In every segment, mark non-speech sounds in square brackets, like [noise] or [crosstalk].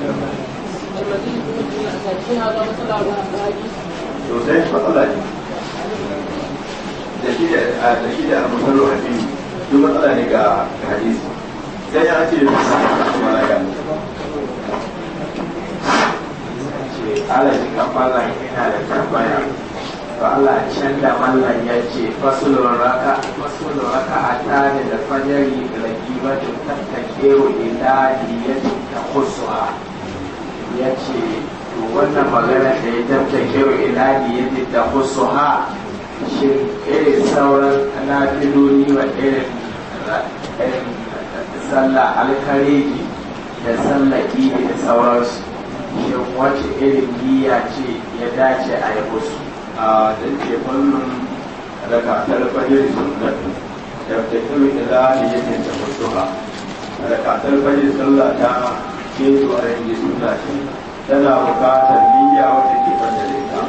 sosai matsala ne da shi da da shi da mutum rohabi duk matsala ne ga hadisi sai ya ce mala ya ala shi kan yana da tambaya to Allah can da mallan ya ce fasulun raka fasulun raka a tare da fajari da lagibatun tattake wa ila diyatin ta kusuwa ya ce wannan magana da ya dabta kewa ilahi ya ce da husu ha shi irin sauran nafiloli wa irin sallah alkaregi da sallah idi da sauransu shi wace irin giya ce ya dace a yi musu a don ke wannan daga talfajir sunnatu da ta kewa ilahi ya ce da husu ha daga talfajir sallah ta ce su a yanzu suna ce tana bukatar niyya wata ke banda da ita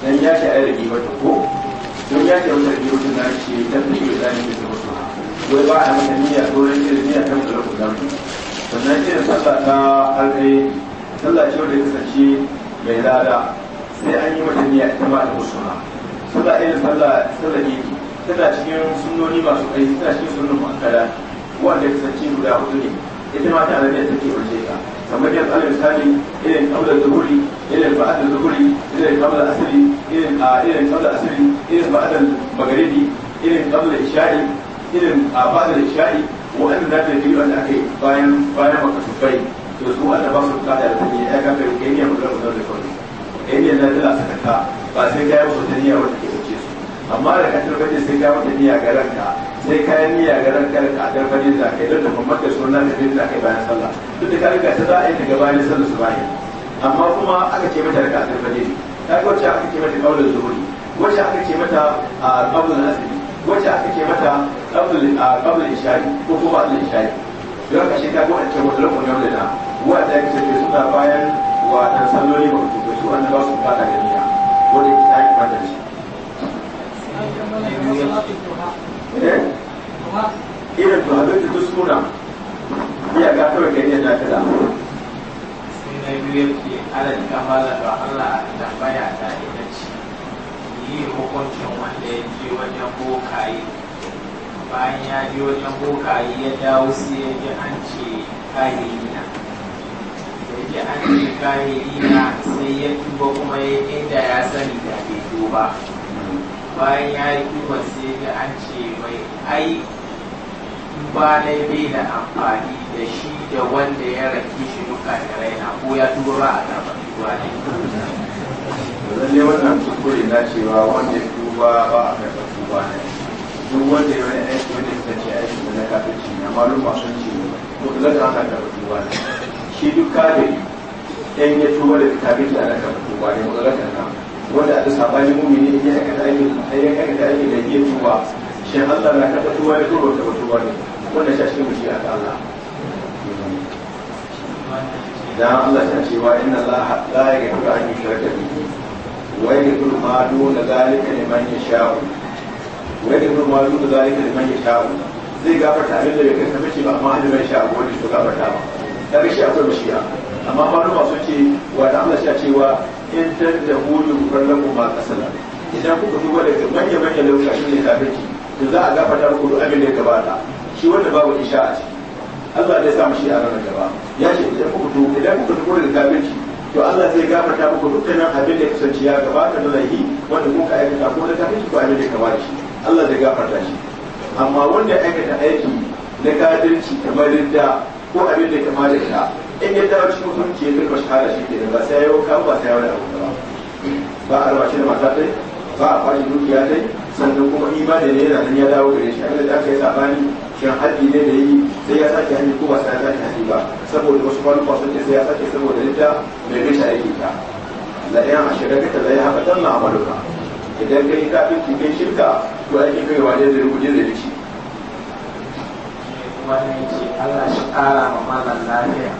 dan ya ce a yi mata ko don ya ce wata rigi mata na ce dan da ke zani da wasu ha wai ba a mata niyya ko ran ce niyya ta mutu ku dan sannan ce sallah ta alƙai sallah ce wanda kasance mai lada sai an yi mata niyya ita ba da wasu ha irin sallah sallah ne tana cikin sunnoni masu kai tana cikin sunnon mu'akkada wanda kasance guda hudu ne ita ma ta alamiyar take wace ka kamar yadda alal misali irin zuhuri irin zuhuri irin irin a irin kaular asali irin magharibi irin isha'i irin a isha'i ta aka yi bayan bayan makasufai to su wanda ba su kada da ya kai ne mu da mu da kai ne da ta ba sai ga amma da kan tarbaje sai ka wata niyya ga ranka sai ka yi niyya ga ranka ka tarbaje za ka yi don ta kuma da sunan da bin da ka bayan sallah duk da ka riga ta za a yi daga bayan sallah su bayan amma kuma aka ce mata raka tarbaje ta ga wacce aka ce mata kaular zuhuri wacce aka ce mata a kaular asiri wacce aka ce mata kaular ishari ko ko kaular ishari don ka shi ka ga ce wata lokacin da na wanda ya ce suna bayan wa dan salloli ba ku ba su ba su ba da niyya wanda ya ta yi ba da shi Eh? irin to abin da tuskuna iya ga kawai gari yana ta damu sai na biyu yake ala da kamala ga Allah da baya ta ita ce yi hukuncin wanda ya je wajen bokaye bayan ya je wajen bokaye ya dawo sai ya ji an ce kahirina ya ji an ce kahirina sai ya tuba kuma ya inda ya sani da ke bai ba bayan ya yi kiwon sai ga an ce mai ai ba dai bai da amfani da shi da wanda ya rake shi duka da raina ko ya tura a karɓar tuba ne. Lalle wannan kuskure na cewa wanda ya tuba ba a karɓar tuba ne. Duk wanda ya wani aiki wanda ya ce aiki da na kafirci ne amma duk masu ce mutlaka aka karɓar tuba ne. Shi duk kafiri ɗan ya tuba da kafirci ana karɓar tuba ne ka mutlaka na. wanda aka sabani mumini in ya aikata aiki in ya aikata aiki da yake tuba shin Allah na karɓa tuba ya tuba ta tuba ne wannan shi cikin mushi aka Allah dan Allah ya ce wa inna Allah la yaghfiru an yushraka bihi wa yaghfiru ma na zalika ne liman yasha'u wa yaghfiru ma na zalika ne liman sha'u? zai gafarta abin da bai kai samaci ba amma hajji bai sha abu su gafarta ba kaga shi akwai mashiya amma maluma sun ce wa da Allah ya cewa in tadda hudu kullum ma kasala idan kuka duba daga manya manya lauka shi ne kafirci to za a gafarta ku duk abin da ya gabata shi wanda babu isha a ciki Allah zai samu shi a ranar gaba ya ce idan kuka duba idan kuka duba daga kafirci to Allah zai gafarta muku dukkanin abin da ya kusanci ya gabata da laifi wanda kuka aikata ko da kafirci ko abin da ya gabata shi Allah zai gafarta shi amma wanda aikata aiki na kafirci kamar da ko abin da ya kamata ya in ya dawo cikin hukunci ya karɓa shahara shi ke ba sai yau kan ba sai yau da abu ba ba a alwashi da mata dai ba a faɗi dukiya dai sannan kuma imani ne yana nan ya dawo gare shi da aka yi sabani shin haɗi ne da yi sai ya sake hannu ko ba sai ya sake hannu ba saboda wasu kwanu kwasu ce sai ya sake saboda ita mai gata aiki ta la yan ashirin ka la ya haɓa ɗan ma'amaluka idan kai ka ɗauki kai shirka to aiki kai wa ne da rubuce da shi. wannan ce Allah shi ƙara ma malam lafiya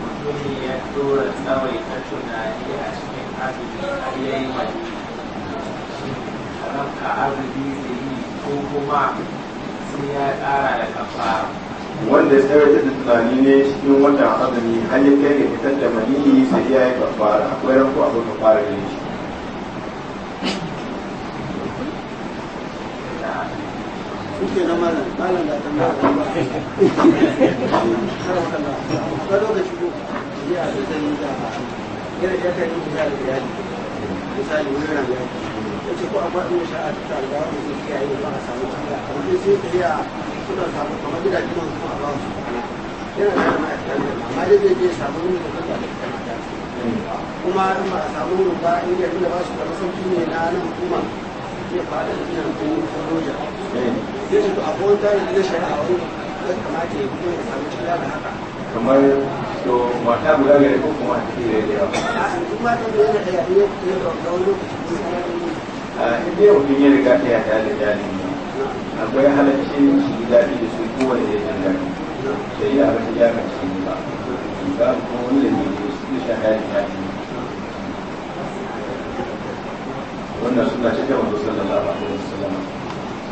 mutum ya tura tsawai ta tunani a cikin azumi har ya yi mani ranka azumi zai yi ko kuma sai ya ƙara da kafa wanda ya tsawai ta tunani ne cikin wannan azumi har ya kai ga fitar da maniyi sai ya yi kafara akwai ranko abin kafara ne shi ke na malam malam da ta malam ba ka lokaci ya da zan yi da ya yi da misali ya ce ko amma in sha'a ta kiyaye ba a samu tsaya amma sai suna samu kamar a ba su yana da mai tsari amma dai zai je samu da kuma in ba a samu ba in da ba su da masauki ne na hukuma zai fada da jiran kuma to wani kamata ya fito ya samu cikin haka kamar to mata guda ga ko kuma a ciki da yawa duk mata da yana da ne da wani lokaci inda yau ya riga ta yata da jami'i akwai halaccin shi da su kowane da ya sai ya ba ta jaka cikin ba ba ko wani da ne su da jami'i wannan suna cikin wanda sallallahu alaihi wasallam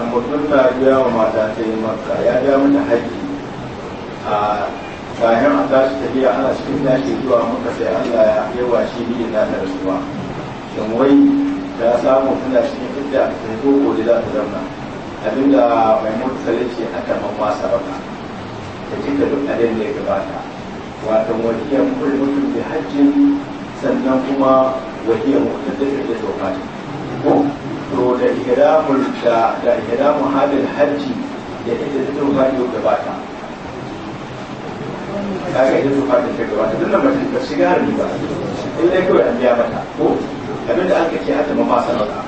a mutum na biya wa mata ta yi maka ya biya mata haƙƙi a kayan a tashi biya ana cikin tashi zuwa maka sai allah ya yawa shi biyu na da rasuwa don wai ta samu tana cikin idda ta ko gobe za ta zauna abinda mai mutsali ce aka mamma sabaka ta cika duk abin da ya gabata wato wajiyar mutum da hajjin sannan kuma wajiyar mutum da ta ke sauka ko to da ihramun da da ihramun halin hajji da ita da tufa yau gabata kaga ita tufa da ta gabata duk da mace ta shiga harbi ba in dai kawai an biya mata ko abin da aka ce hata mafa sanata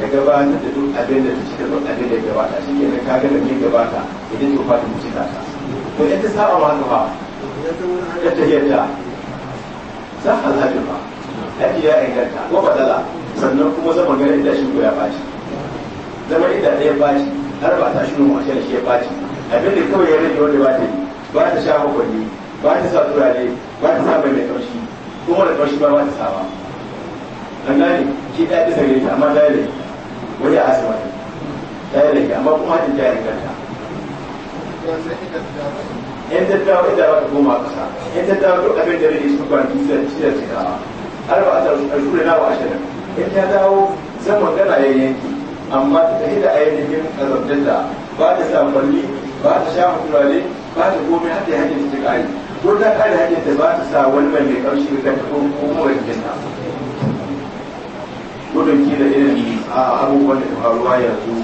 ta gabatar da duk abin da ta cika duk abin da gabata shi ne ka ga da ke gabata idan tufa mu cika ta to ita sa'a ma Ka ba ta tahiyarta za a zaɓi ba ta iya inganta ko badala sannan kuma zama ganin inda shi ya baci zama inda ɗaya baci har ba ta shi nuna wace shi ya baci abin da kawai ya rage wanda ba ta yi ba ta sha hukuni ba ta sa turare ba ta sa mai mai kaushi kuma da kaushi ba ba ta sa ba an gane shi ɗaya bisa gare ta amma ta yi da wani a asima ta yi da rage amma kuma hatin ta yi kanta in ta dawo inda ba ta koma kusa yan ta dawo duk abin da rage su kwanci da cikawa har ba a tsarsu a shuri na ba a shirin in ta dawo zan magana ya yanki amma ta tafi da ainihin azabdalla ba ta samballi ba ta sha mutuwale ba ta komai har ta hanyar ta ayi ko ta kare hanyar da ba ta sa wani mai mai kaushi da ta ko kuma wani jinta gudun kila irin a abubuwan da faruwa yanzu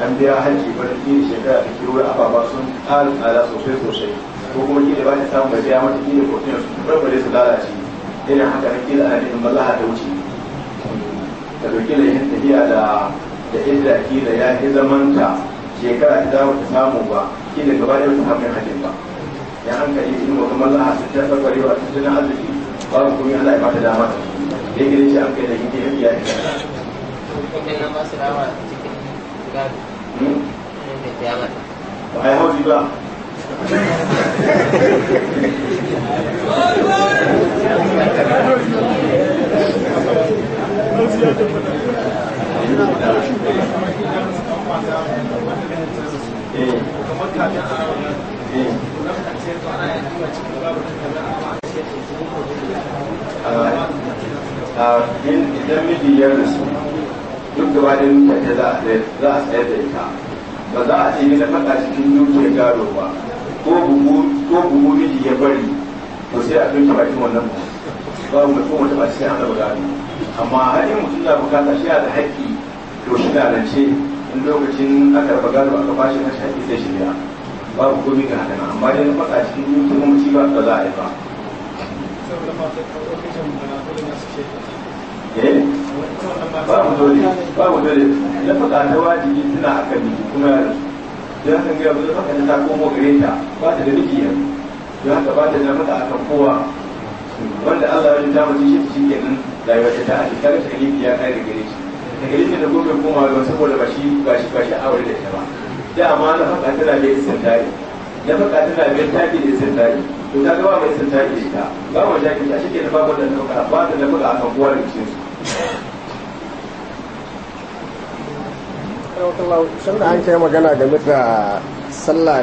an biya hajji barki da shekara da kewaye ababa sun ƙara tsada sosai sosai ko kuma kila ba ta samun bai biya mata kila kofin su barbare su lalace irin haka na kila a cikin mallaha ta wuce ta da yin tafiya da da idda da ya fi zamanta shekara ta dawo ta samu ba kila gaba da haka samu hajjin ba ya hankali in wata mallaha su ta tsakwari ba su na azumi ba ku yi Allah ya bata dama da yake shi an kai da yake yafi ya ita hmm? ba a hauji ba Thank [laughs] you. idan miji ya rasu duk gaba da mutane za a tsayar da ita ba za a ce yi faɗa cikin dukiyar gado ba ko bugu miji ya bari to sai a tunke bakin wannan babu mai kowace ba sai an daura ne amma har yin mutum na bukata shi da haƙƙi to shi na rance in lokacin aka raba gado aka ba shi nashi haƙƙi sai shi biya babu komi ga hakan amma dai na faɗa cikin yin kuma mutum ba ba za a yi ba. Eh? babu dole babu dole na faɗa ta wajibi tana hakan ne kuma ya rasu don haka gaba da faɗa ta komo gare ta ba ta da miji yanzu don haka ba ta da mata akan kowa wanda Allah ya da mutum shi shi nan rayuwar ta ta'adi kaga ta galibi ya kai da gare shi da shi da gobe kuma ba saboda ba shi ba shi ba shi aure da ita ba amma na faɗa tana da isin tari na faɗa tana da taki da isin tari to ta gaba mai isin tari da ita ba mu jaki ta shi ke da babu da nauka ba da nauka a kan kowa da cikin su sun da an kai magana game da sallah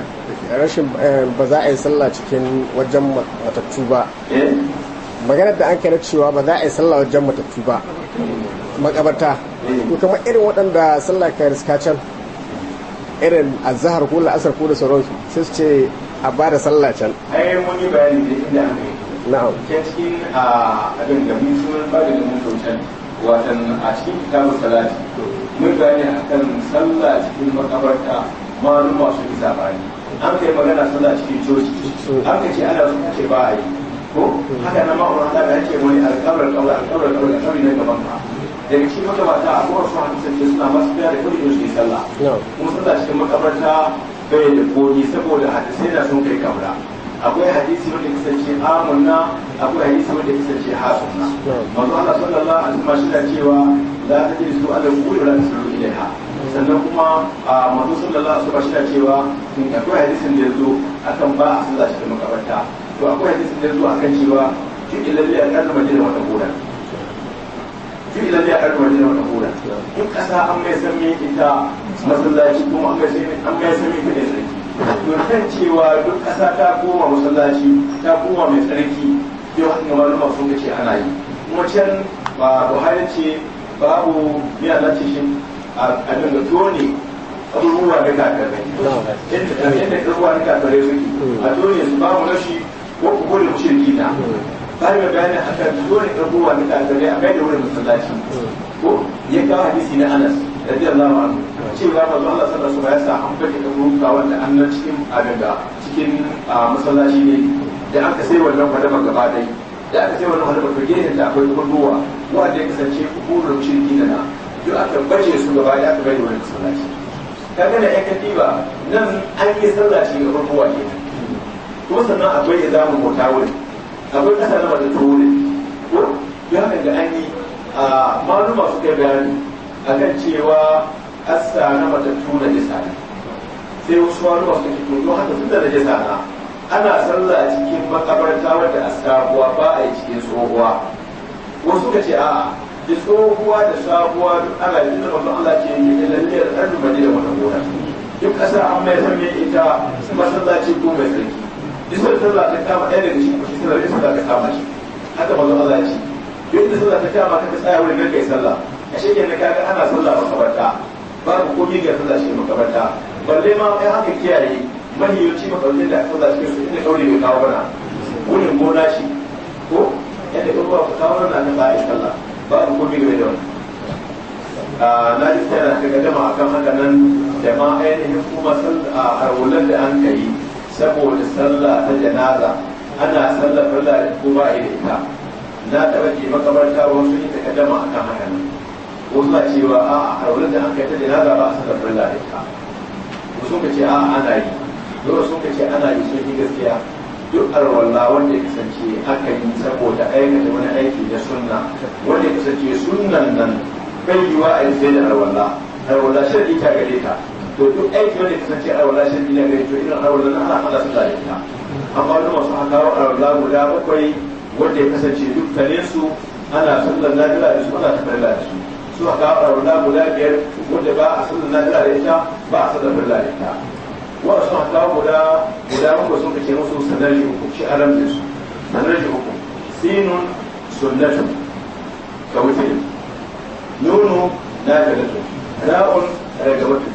rashin eh, ba za a yi sallah cikin wajen matattu ba eh? maganar da an kai cewa ba za a yi sallah wajen matattu ba makabarta ko kamar irin waɗanda sallah ka riska can irin azahar ko la'asar ko da sauransu sai su ce a ba da sallah can ai mun yi bayani da inda na'am Ke cikin abin da mun sunan ba da mun can watan a cikin kitabun salati mun bayani akan sallah cikin makabarta ma masu isa bani an kai magana sallah cikin coci an kai ce ana so ce ba a yi ko haka nan ma umarta da yake wani alƙawar ƙaura alƙawar ƙaura da kawai na gaban ka daga cikin magabata a kowar su haka sanje suna masu biya da kudi su yi sallah kuma sallah cikin makabarta bai da koyi saboda hadisai da sun kai kabra akwai hadisi wanda ya kasance amunna akwai hadisi wanda ya kasance hasunna manzo Allah sallallahu alaihi wasallam shi da cewa la tajlisu ala qubur la tasru ilaiha sannan kuma a manzo sallallahu alaihi wasallam shi da cewa akwai hadisin da yazo akan ba a sallah cikin makabarta to akwai hadisin da zuwa kan cewa shi ilal ya kan madina wa tahura shi ilal ya kan madina wa tahura in kasa an mai san me ita masallaci kuma an mai san an mai san me ita sarki to kan cewa duk kasa ta koma masallaci ta koma mai sarki yau haka malama sun ce ana yi can ba buhari ce babu ya lati shi a da tone abubuwa da kakarai inda ruwa da kakarai suke a dole su babu rashi ko ku kore mushriki na bari da bayani akan dole ka kowa da kafirai a da wurin masallaci ko ya kawo hadisi na Anas da radiyallahu ce cewa manzo Allah sallallahu alaihi wasallam ya sa an fadi da ruka wanda an nan cikin abinda cikin masallaci ne da aka sai wannan fadama gaba dai da aka sai wannan fadama to gehen da akwai kulluwa wanda ya kasance kuburin shirki na duk aka baje su gaba da aka bai da wani masallaci kaga da ya kadiba nan an yi sallaci ga kulluwa kenan ko sannan akwai kota mutawil akwai kasa na mata turi ko ya haka ga an yi a maluma suka bayani kan cewa asa na mata tuna jisa sai wasu wani masu kai tuntun haka tun da jisa na ana sallah cikin makabarta wadda a sabuwa ba a yi cikin tsohuwa wasu ka ce a da tsohuwa da sabuwa duk ana yi da mamman Allah ce yi da lalliyar ɗan da wata gona duk ƙasa an mai zame ita masallaci ko mai tsarki bisu sallah ta kama ɗaya daga cikin kushi sallar bisu ta kama shi haka manzo Allah ya ce duk da sallah ta kama ka tsaya wurin nan kai sallah a shi kenan kaga ana sallah makabarta ba babu komai ga sallah shi makabarta balle ma ai haka kiyaye mahiyoci makabarta da aka sallah shi su inda kaure ya kawo bana wurin gona shi ko yadda ko ba ku kawo bana na ba'a sallah babu komai ga da wannan na ji tana daga dama a kan haka nan da ma ainihin kuma sallah a harwulan da an kai saboda sallah ta janaza ana sallar farla da ko ba a yi da ita na taɓa ke makabarta wasu yi ta a kan haka nan wasu na cewa a a wurin da an kai ta janaza ba a sallar farla da ita wasu ka ce a ana yi dole sun ka ce ana yi sun yi gaskiya duk alwala wanda ya kasance aka yi saboda aikata wani aiki da sunna wanda ya kasance sunnan nan bai yiwa a yi sai da alwala arwalla shirki ita gare ta to duk aiki wanda kasance a wala shi ne mai to irin harwar nan ana hada su da ita amma wani masu haka wa arwala guda bakwai wanda ya kasance dukkanin su ana sallar lafiya da su ana tafiyar da su su haka wa arwala guda biyar wanda ba a sallar lafiya da ita ba a sallar da ita wa su haka guda guda bakwai sun kace musu sanar da hukum shi aram da su sanar da hukum sinun sunnatun ka wuce nunu na galatun ra'un ragamatun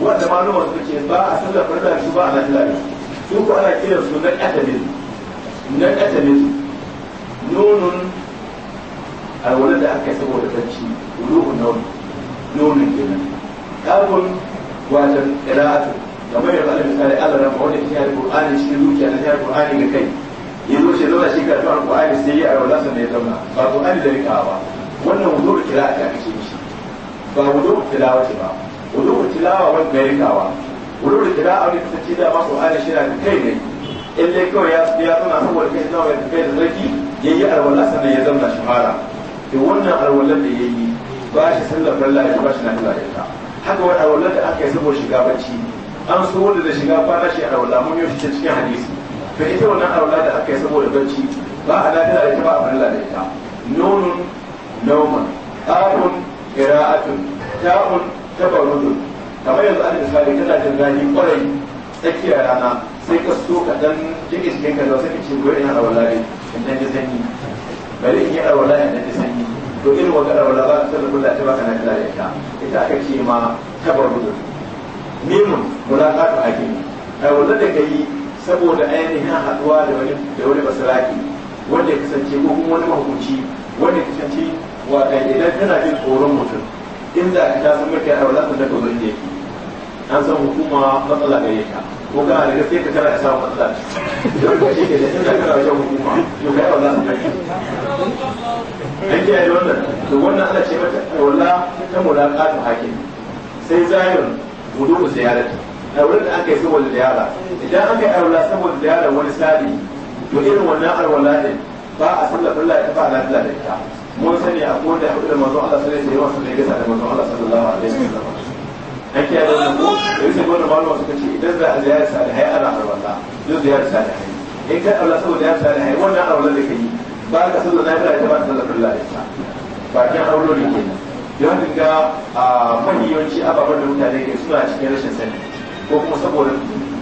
wanda malama suke ba a sallar farda shi ba a lafiya su ko ana kiran su na ƙatamin na ƙatamin nunun alwala da aka yi saboda bacci ruhun nauyi nunun kenan kafin wajen ƙira'atu kamar yadda ala misali ala rafa wanda ke yare qur'ani shi zuciya na yare qur'ani ga kai ya zo shi zauna shi karatu alqur'ani sai ya alwala sannan ya zauna ba qur'ani da rikawa ba wannan wudu da kira'a ta kace shi ba wudu da tilawa ba wani tilawa lawa wani mai ringawa wani wuce da aure ta ci da masu hana shira da kai ne in dai kawai ya suya suna saboda kai zama mai kai da zaki ya yi alwala sannan ya zama shahara da wannan alwalan da ya yi ba shi sallar falla ya ba shi na fila yadda haka wani alwalan da aka yi saboda shiga bacci an so wanda da shiga ba na shi alwala mun yi shi ta cikin hadisi fa ita wannan alwala da aka yi saboda bacci ba a da ta ba a falla da ita nonon nauman ƙarun ƙira'atun ta'un ta barudu kamar yanzu an misali tana jin daɗi kwarai tsakiyar rana sai ka so ka dan jikin cikin ka sai ka ce goyi ina rawar lari in dan ji sanyi bari in yi rawar lari in dan ji sanyi to irin wata rawar ba ta da kula ta baka na kula da ita ita aka ce ma ta barudu mimun mulaƙatu hakimi rawar da ka yi saboda ainihin haɗuwa da wani da wani basiraki wanda ya kasance ko kuma wani mahukunci wanda ya kasance wa kai idan kana jin tsoron mutum inda ta san maka yara wala ta ko zan je an san hukuma matsala gare ka ko ga da sai ka kana samu matsala don ka shi ke da inda kana yau hukuma to kai wala ta kai dan ke yi wannan to wannan ana ce mata wala ta mulaqatu hakim sai zayun wudu ziyarati a wurin da aka yi saboda ziyara idan aka yi aula saboda ziyara wani sali to irin wannan alwala ne. ba a sallar Allah ya tafi ala da ita mun sani a ko da da mazan Allah sallallahu alaihi wasallam ne gasa da manzon Allah alaihi wasallam an kiyaye ala ko da sai wannan malama suka ce idan za a ziyara salihai ana arwala duk ziyara salihai in kai Allah saboda ya salihai wannan arwala da kai ba ka sallar na fara ta ba sallar Allah ya sa bakin aurori kenan yawan ga a mahiyanci ababen da mutane ke suna cikin rashin sani ko kuma saboda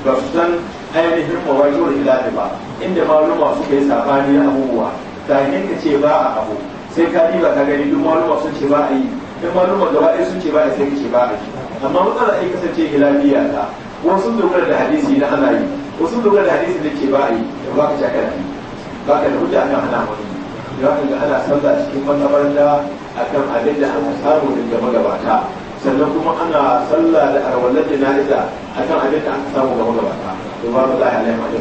ba su san ainihin mawajiyar ilahi ba inda maluma suka yi sabani abubuwa ta ka ce ba a abu sai ka ba ka gani duk maluma sun ce ba a yi duk maluma gaba ɗaya sun ce ba a sai ce ba a yi amma matsala ai kasance hilaliya ta wasu dogara da hadisi na ana yi wasu dogara da hadisi da ce ba a yi da ba ka shaka da ba ka da hujja akan hana wani da ka ga ana sallah cikin makabarta akan abin da aka samu daga magabata sannan kuma ana sallah da arwalar a akan abin da aka samu daga magabata to ba mu za a laima da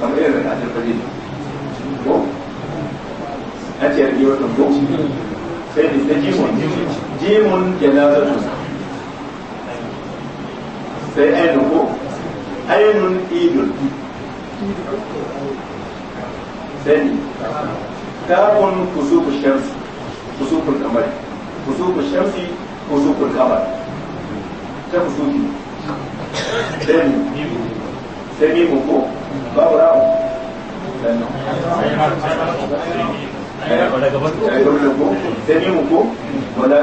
kamar irin da ajiyar fari ko a ce yarki wannan ko sai da ta jimun jimun janazatu sai ainihin ko ainihin idul sai kafin kusuku shamsi kusukul kamar kusuku shamsi kusukul kamar ta kusuki sai sai ko ko babu ra'u wala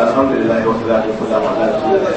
الحمد لله على رسول الله